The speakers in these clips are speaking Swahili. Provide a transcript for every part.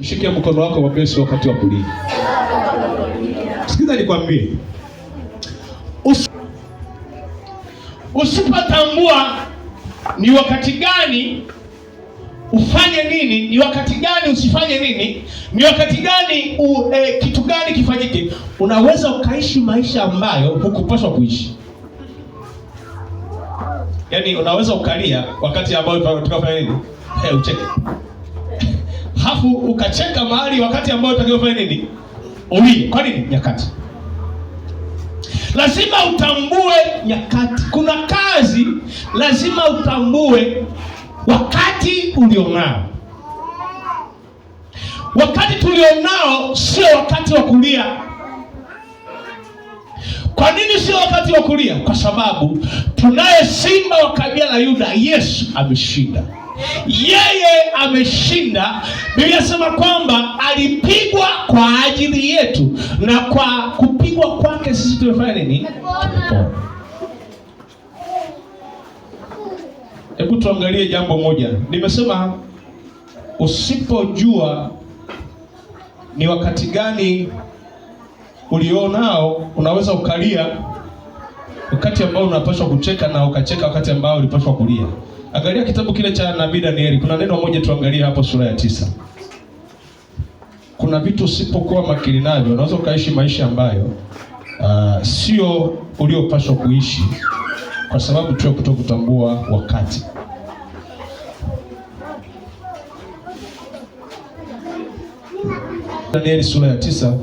Mshike mkono wako wa wakati wa kulia. Sikiza nikwambie, usipotambua ni wakati gani ufanye nini, ni wakati gani usifanye nini, ni wakati gani u, e, kitu gani kifanyike, unaweza ukaishi maisha ambayo hukupaswa kuishi. Yaani unaweza ukalia wakati ambao tunafanya nini? Hey, eh, ucheke alafu ukacheka mahali wakati ambao utakiwa nini? Ulie. Kwa nini? Nyakati. Lazima utambue nyakati. Kuna kazi lazima utambue wakati ulionao. Wakati tulionao sio wakati wa kulia. Kwa nini sio wakati wa kulia? Kwa sababu tunaye simba wa kabila la Yuda, Yesu ameshinda yeye ameshinda. Biblia sema kwamba alipigwa kwa ajili yetu, na kwa kupigwa kwake sisi tumefanya nini? Hebu tuangalie jambo moja. Nimesema usipojua ni wakati gani ulionao unaweza ukalia wakati ambao unapaswa kucheka na ukacheka wakati ambao ulipaswa kulia. Angalia kitabu kile cha nabii Danieli, kuna neno moja tuangalie hapo sura ya tisa. Kuna vitu usipokuwa makini navyo unaweza ukaishi maisha ambayo uh, sio uliopaswa kuishi kwa sababu tu ya kutokutambua wakati. Danieli sura ya tisa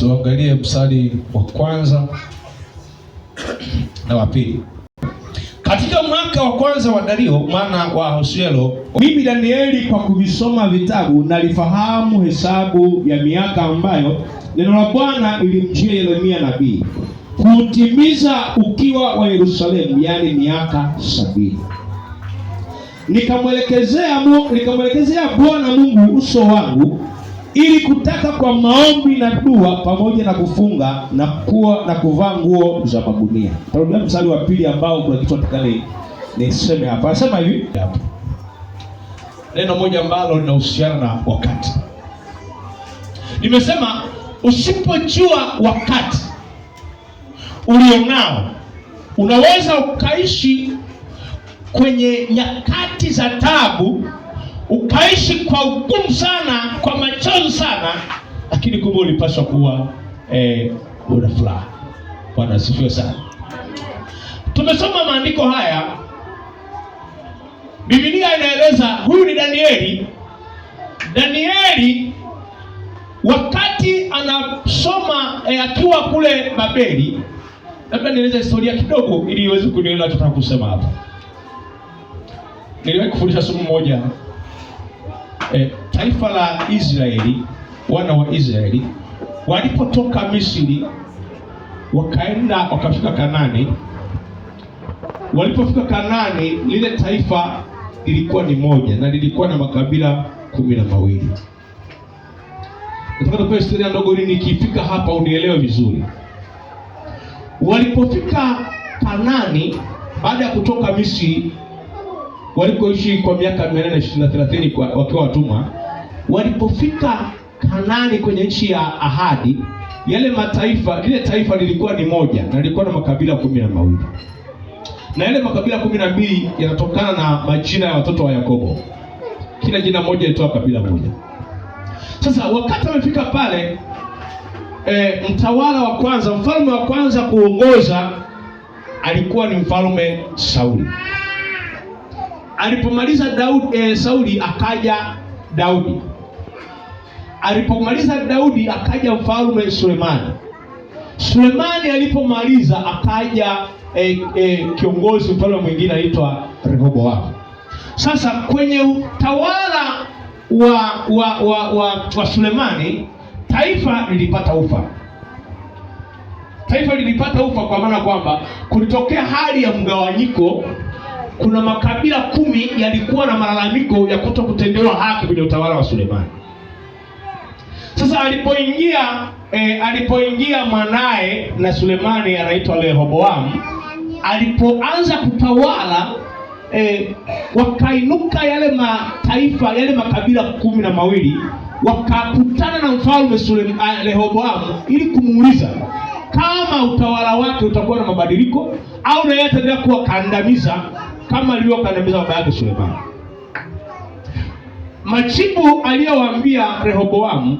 Tuangalie mstari wa kwanza na wa pili. Katika mwaka wa kwanza wa Dario mwana wa Ahasuero, mimi Danieli, kwa kuvisoma vitabu nalifahamu hesabu ya miaka ambayo neno la Bwana lilimjia Yeremia nabii kutimiza ukiwa wa Yerusalemu, yaani miaka sabini. Nikamwelekezea Bwana Mungu uso wangu ili kutaka kwa maombi na dua pamoja na kufunga na kuwa na kuvaa nguo za magunia. Tarudia mstari wa pili ambao kuna kitu nataka niseme hapa. Anasema hivi hapa, neno moja ambalo linahusiana na wakati. Nimesema usipojua wakati ulionao unaweza ukaishi kwenye nyakati za tabu ukaishi kwa ugumu sana furaha, lakini kumbe ulipaswa kuwa eh, una furaha. Bwana asifiwe sana. Tumesoma maandiko haya, Biblia inaeleza huyu ni Danieli. Danieli wakati anasoma eh, akiwa kule Babeli, labda nieleze historia kidogo ili iweze kunielewa tunataka kusema hapa. Niliwahi kufundisha somo moja eh, taifa la Israeli wana wa Israeli walipotoka Misri wakaenda wakafika Kanani. Walipofika Kanani, lile taifa lilikuwa ni moja na lilikuwa na makabila kumi na mawili. Nataka historia ndogo ili nikifika hapa unielewe vizuri. Walipofika Kanani baada ya kutoka Misri walikoishi kwa miaka 430 wakiwa watumwa, walipofika Kanani kwenye nchi ya ahadi, yale mataifa, lile taifa lilikuwa ni moja na lilikuwa na makabila kumi na mawili na yale makabila kumi na mbili yanatokana na majina ya watoto wa Yakobo. Kila jina moja litoa kabila moja. Sasa wakati amefika pale e, mtawala wa kwanza, mfalme wa kwanza kuongoza alikuwa ni mfalme Sauli. Alipomaliza Daudi, e, eh, Sauli akaja Daudi Alipomaliza Daudi akaja mfalme Sulemani. Sulemani alipomaliza akaja e, e, kiongozi mfalme mwingine anaitwa Rehoboamu. Sasa kwenye utawala wa, wa, wa, wa, wa Sulemani taifa lilipata ufa, taifa lilipata ufa kwa maana kwamba kulitokea hali ya mgawanyiko. Kuna makabila kumi yalikuwa na malalamiko ya kuto kutendewa haki kwenye utawala wa Sulemani. Sasa alipoingia e, alipoingia mwanaye na Sulemani anaitwa Rehoboamu, alipoanza kutawala e, wakainuka yale mataifa yale makabila kumi na mawili wakakutana na mfalme eh, Rehoboamu ili kumuuliza kama utawala wake utakuwa na mabadiliko au na yeye ataendelea kuwa kandamiza kama alivyokandamiza baba yake Sulemani. Majibu aliyowaambia Rehoboamu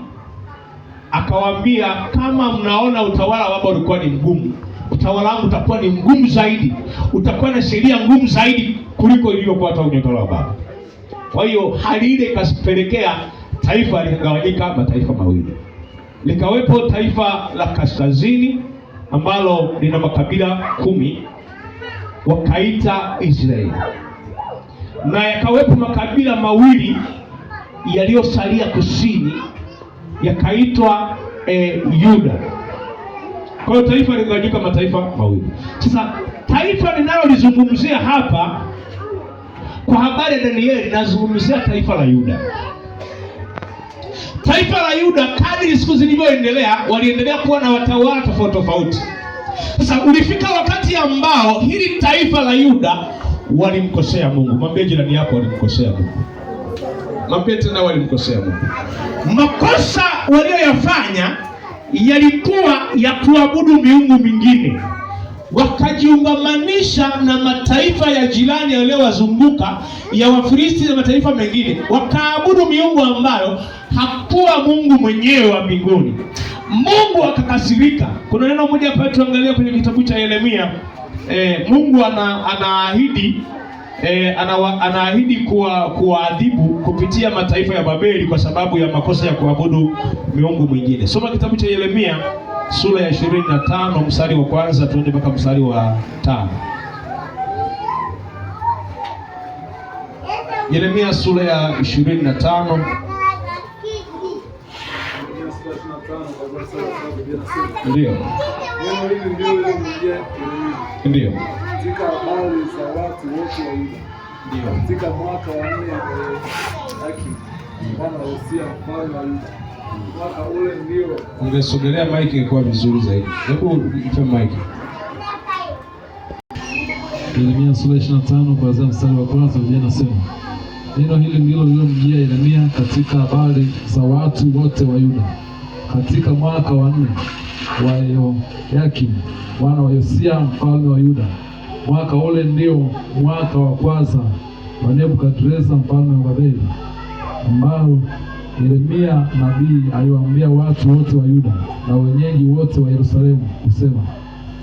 akawaambia, kama mnaona utawala baba ulikuwa ni mgumu, utawala wangu utakuwa ni mgumu zaidi, utakuwa na sheria ngumu zaidi kuliko ilivyokuwa hata kwenye utawala wa baba. Kwa hiyo hali ile ikapelekea taifa likagawanyika mataifa mawili, likawepo taifa la kaskazini ambalo lina makabila kumi wakaita Israeli, na yakawepo makabila mawili yaliyosalia kusini yakaitwa e, Yuda. Kwa hiyo taifa ligawanyika mataifa mawili. Sasa taifa linalolizungumzia hapa kwa habari ya Danieli linazungumzia taifa la Yuda. Taifa la Yuda kadri siku zilivyoendelea, waliendelea kuwa na watawala tofauti tofauti. Sasa ulifika wakati ambao hili taifa la Yuda walimkosea Mungu. Mwambie jirani yako walimkosea Mungu na pia tena walimkosea Mungu. Makosa waliyoyafanya yalikuwa ya kuabudu miungu mingine, wakajiungamanisha na mataifa ya jirani yaliyowazunguka ya Wafilisti na mataifa mengine, wakaabudu miungu ambayo hakuwa Mungu mwenyewe wa mbinguni. Mungu akakasirika. Kuna neno moja hapa, tuangalia kwenye kitabu cha Yeremia. E, Mungu anaahidi ana E, anawa, anaahidi kuwa kuwaadhibu kupitia mataifa ya Babeli kwa sababu ya makosa ya kuabudu miungu mwingine. Soma kitabu cha Yeremia sura ya 25 mstari wa kwanza tuende mpaka mstari wa tano. Yeremia sura ya 25 ndio. Ndio. Katika habari za watu wote Ndio. Katika mwaka wa nne Bwana mfalme wa Yuda. Mwaka ule ndio. Ungesogelea mike ilikuwa vizuri zaidi. Hebu mike. Yeremia sura kuanzia mstari wa kwanza Biblia inasema neno hili ndilo lililomjia Yeremia katika habari za watu wote wa Yuda katika mwaka wa nne wa yoyakimu mwana wa Yosia mfalme wa Yuda. Mwaka ule ndio mwaka wa kwanza wa Nebukadreza mfalme wa Babeli, ambao Yeremia nabii aliwaambia watu wote wa Yuda na wenyeji wote wa Yerusalemu kusema,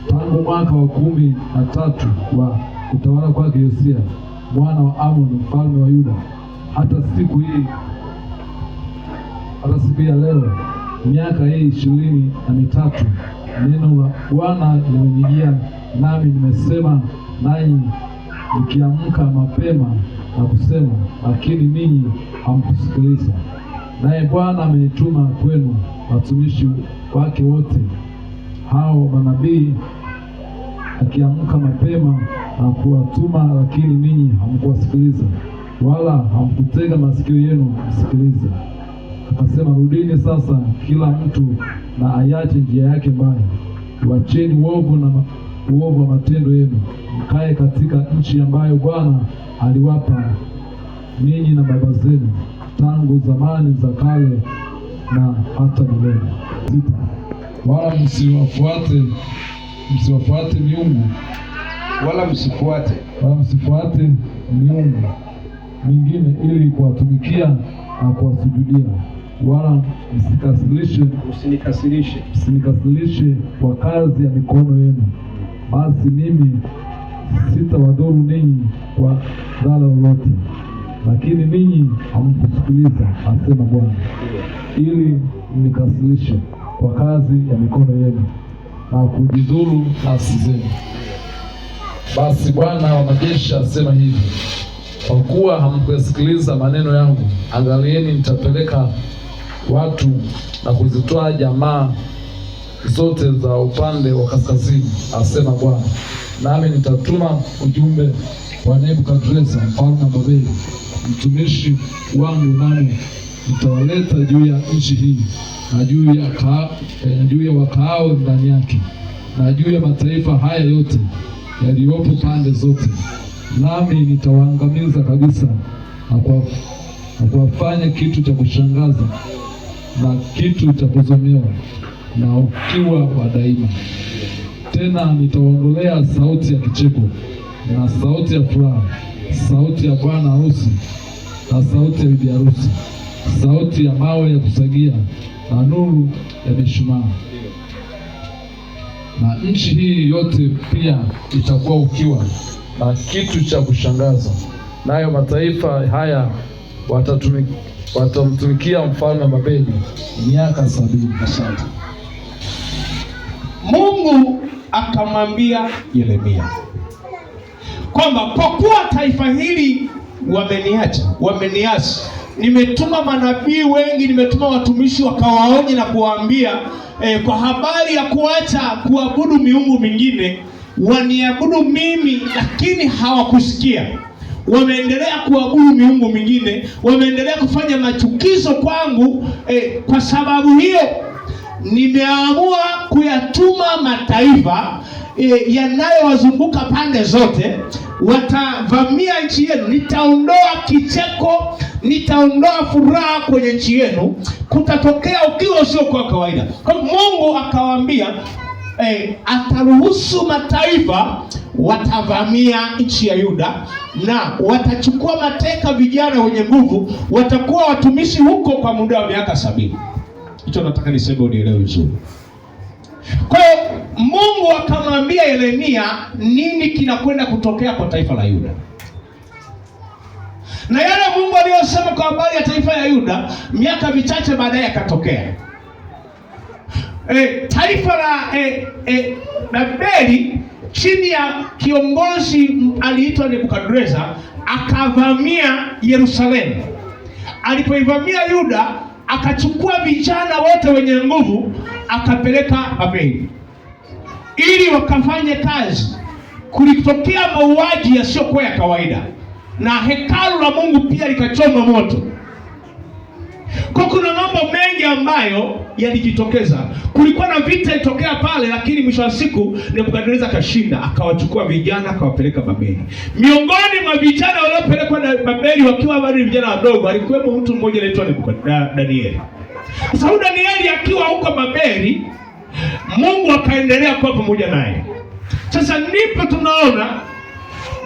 tangu mwaka wa kumi na tatu wa kutawala kwake Yosia mwana wa Amoni mfalme wa Yuda hata siku hii hata siku ya leo miaka hii ishirini na mitatu neno la Bwana limenijia nami nimesema nanyi nikiamka mapema na kusema, lakini ninyi hamkusikiliza. Naye Bwana amenituma kwenu watumishi wake wote hao manabii, akiamka mapema na kuwatuma, lakini ninyi hamkuwasikiliza, wala hamkutega masikio yenu kusikiliza. Akasema, rudini sasa kila mtu na ayache njia yake mbaya, wacheni uovu na uovu wa matendo yenu, mkae katika nchi ambayo Bwana aliwapa ninyi na baba zenu tangu zamani za kale na hata milele. Wala msiwafuate msiwafuate miungu wala msifuate wala msifuate miungu mingine ili kuwatumikia na kuwasujudia wala msikasirishe msinikasirishe msinikasirishe kwa kazi ya mikono yenu, basi mimi sitawadhuru ninyi kwa dhala lolote, lakini ninyi hamkusikiliza, asema Bwana, ili mnikasirishe kwa kazi ya mikono yenu na kujidhuru nafsi zenu. Basi Bwana wa majeshi asema hivi, kwa kuwa hamkuyasikiliza maneno yangu, angalieni, nitapeleka watu na kuzitoa jamaa zote za upande wa kaskazini, asema Bwana, nami nitatuma ujumbe wa Nebukadreza mfalme wa Babeli mtumishi wangu, nami nitawaleta juu ya nchi hii na juu ya, eh, ya wakaao ndani yake na juu ya mataifa haya yote yaliyopo pande zote, nami nitawaangamiza kabisa na kuwafanya kitu cha kushangaza na kitu cha na ukiwa wa daima. Tena nitaondolea sauti ya kicheko na sauti ya furaha, sauti ya bwana harusi na sauti ya bibi harusi, sauti ya mawe ya kusagia na nuru ya mishumaa. Na nchi hii yote pia itakuwa ukiwa na kitu cha kushangaza, nayo mataifa haya watatumika watamtumikia mfalme wa Babeli miaka sabini na saba. Mungu akamwambia Yeremia kwamba kwa kuwa taifa hili wameniacha, wameniasi, nimetuma manabii wengi, nimetuma watumishi wakawaonye na kuwaambia eh, kwa habari ya kuacha kuabudu miungu mingine, waniabudu mimi, lakini hawakusikia wameendelea kuabudu miungu mingine, wameendelea kufanya machukizo kwangu eh. Kwa sababu hiyo nimeamua kuyatuma mataifa eh, yanayowazunguka pande zote, watavamia nchi yenu. Nitaondoa kicheko, nitaondoa furaha kwenye nchi yenu, kutatokea ukiwa usio kwa kawaida. Kwa Mungu akawaambia eh, ataruhusu mataifa watavamia nchi ya Yuda na watachukua mateka vijana wenye nguvu, watakuwa watumishi huko kwa muda wa miaka sabini. Hicho nataka niseme unielewe vizuri. Kwa hiyo Mungu akamwambia Yeremia nini kinakwenda kutokea kwa taifa la Yuda na yale Mungu aliyosema kwa habari ya taifa ya Yuda miaka michache baadaye yakatokea e, taifa la e, eh, e, eh, Babeli chini ya kiongozi aliitwa Nebukadreza akavamia Yerusalemu. Alipoivamia Yuda, akachukua vijana wote wenye nguvu akapeleka Babeli ili wakafanye kazi. Kulitokea mauaji yasiyokuwa ya kawaida na hekalu la Mungu pia likachoma moto. Kwa kuna mambo mengi ambayo yalijitokeza. Kulikuwa na vita itokea pale, lakini mwisho wa siku Nebukadneza akashinda, akawachukua vijana akawapeleka Babeli. Miongoni mwa vijana waliopelekwa Babeli wakiwa bado vijana wadogo, alikuwemo mtu mmoja anaitwa Danieli. Sasa Danieli akiwa huko Babeli, Mungu akaendelea kuwa pamoja naye. Sasa ndipo tunaona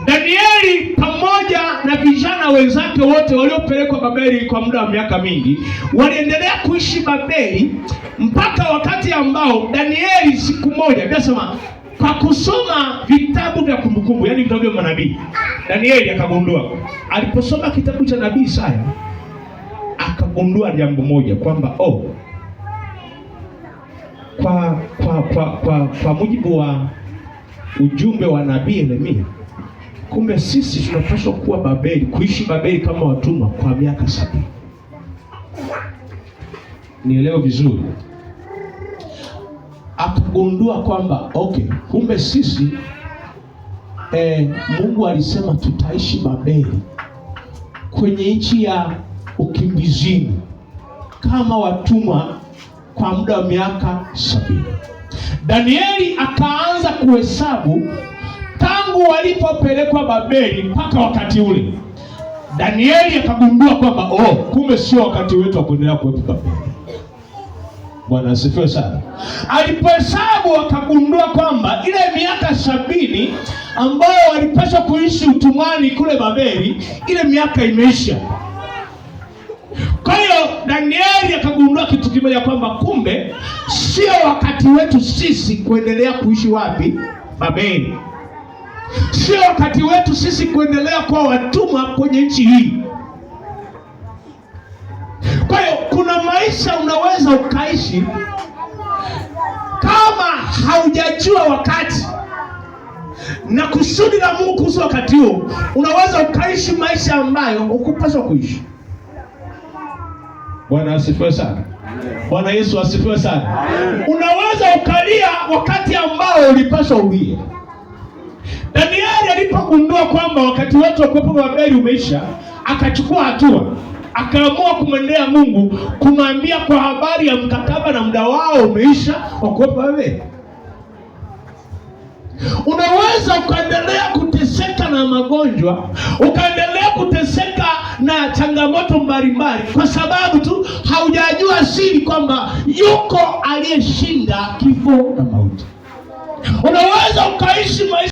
Danieli pamoja na vijana wenzake wote waliopelekwa Babeli kwa muda wa miaka mingi waliendelea kuishi Babeli mpaka wakati ambao Danieli siku moja kasema kwa kusoma vitabu vya kumbukumbu, yani vitabu vya manabii. Danieli akagundua aliposoma kitabu cha nabii Isaya akagundua jambo moja kwamba oh, kwa, kwa, kwa, kwa, kwa mujibu wa ujumbe wa nabii Yeremia Kumbe sisi tunapaswa kuwa Babeli, kuishi Babeli kama watumwa kwa miaka sabini. Nielewe vizuri. Akagundua kwamba okay, kumbe sisi eh, Mungu alisema tutaishi Babeli kwenye nchi ya ukimbizini kama watumwa kwa muda wa miaka sabini. Danieli akaanza kuhesabu tangu walipopelekwa Babeli mpaka wakati ule Danieli akagundua kwamba oh, kumbe sio wakati wetu wa kuendelea kuwepo Babeli. Bwana asifiwe sana. Alipohesabu akagundua kwamba ile miaka sabini ambayo walipaswa kuishi utumwani kule Babeli, ile miaka imeisha. Kwa hiyo Danieli akagundua kitu kimoja kwamba kumbe sio wakati wetu sisi kuendelea kuishi wapi? Babeli. Sio wakati wetu sisi kuendelea kuwa watumwa kwenye nchi hii. Kwa hiyo kuna maisha unaweza ukaishi kama haujajua wakati na kusudi la Mungu kuhusu wakati huo, unaweza ukaishi maisha ambayo hukupaswa kuishi. Bwana asifiwe sana. Bwana Yesu asifiwe sana. Unaweza ukalia wakati ambao ulipaswa ulie. Danieli alipogundua kwamba wakati wote wa kuwepo Babeli umeisha, akachukua hatua, akaamua kumwendea Mungu kumwambia kwa habari ya mkataba na muda wao umeisha wa kuwepo Babeli. Unaweza ukaendelea kuteseka na magonjwa, ukaendelea kuteseka na changamoto mbalimbali, kwa sababu tu haujajua siri kwamba yuko aliyeshinda kifo na mauti. Unaweza ukaishi maisha